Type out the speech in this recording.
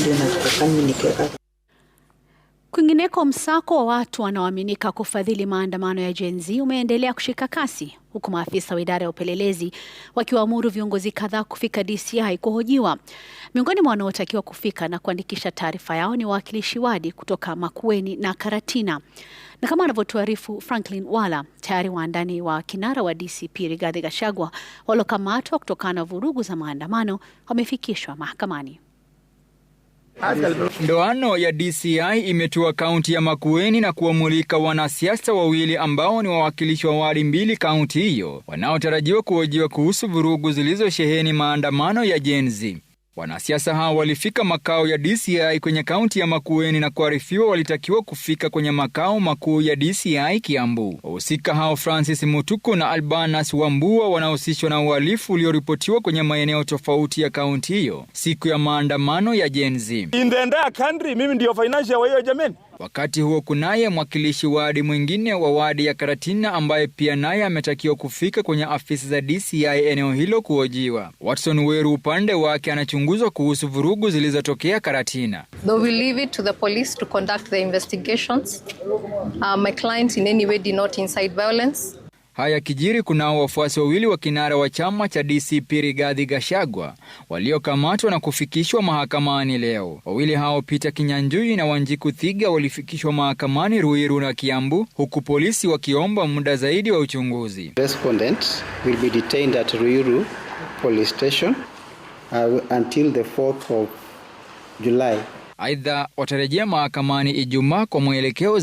ndio nikiweka. Kwingineko, msako wa watu wanaoaminika kufadhili maandamano ya Gen Z umeendelea kushika kasi huku maafisa wa idara ya upelelezi wakiwaamuru viongozi kadhaa kufika DCI kuhojiwa. Miongoni mwa wanaotakiwa kufika na kuandikisha taarifa yao ni wawakilishi wadi kutoka Makueni na Karatina, na kama anavyotuarifu Franklin Wala, tayari waandani wa kinara wa DCP Rigathi Gachagua waliokamatwa kutokana na vurugu za maandamano wamefikishwa mahakamani. Ndoano ya DCI imetua kaunti ya Makueni na kuwamulika wanasiasa wawili ambao ni wawakilishi wa wadi mbili kaunti hiyo wanaotarajiwa kuhojiwa kuhusu vurugu zilizosheheni maandamano ya jenzi. Wanasiasa hao walifika makao ya DCI kwenye kaunti ya Makueni na kuarifiwa walitakiwa kufika kwenye makao makuu ya DCI Kiambu. Wahusika hao Francis Mutuku na Albanas Wambua wanahusishwa na uhalifu ulioripotiwa kwenye maeneo tofauti ya kaunti hiyo siku ya maandamano ya Gen Z. In the entire country mimi ndio financial wa hiyo jamani. Wakati huo kunaye mwakilishi wadi mwingine wa wadi ya Karatina ambaye pia naye ametakiwa kufika kwenye afisi za DCI eneo hilo kuhojiwa. Watson Weru upande wake anachunguzwa kuhusu vurugu zilizotokea Karatina. Uh, my client in any way did not incite violence. Haya kijiri kunao wafuasi wawili wa kinara wa chama cha DCP Rigathi Gachagua waliokamatwa na kufikishwa mahakamani leo. Wawili hao Peter Kinyanjui na Wanjiku Thiga walifikishwa mahakamani Ruiru na Kiambu, huku polisi wakiomba muda zaidi wa uchunguzi. Respondent will be detained at Ruiru police station uh, until the 4th of July. Aidha watarejea mahakamani Ijumaa kwa mwelekeo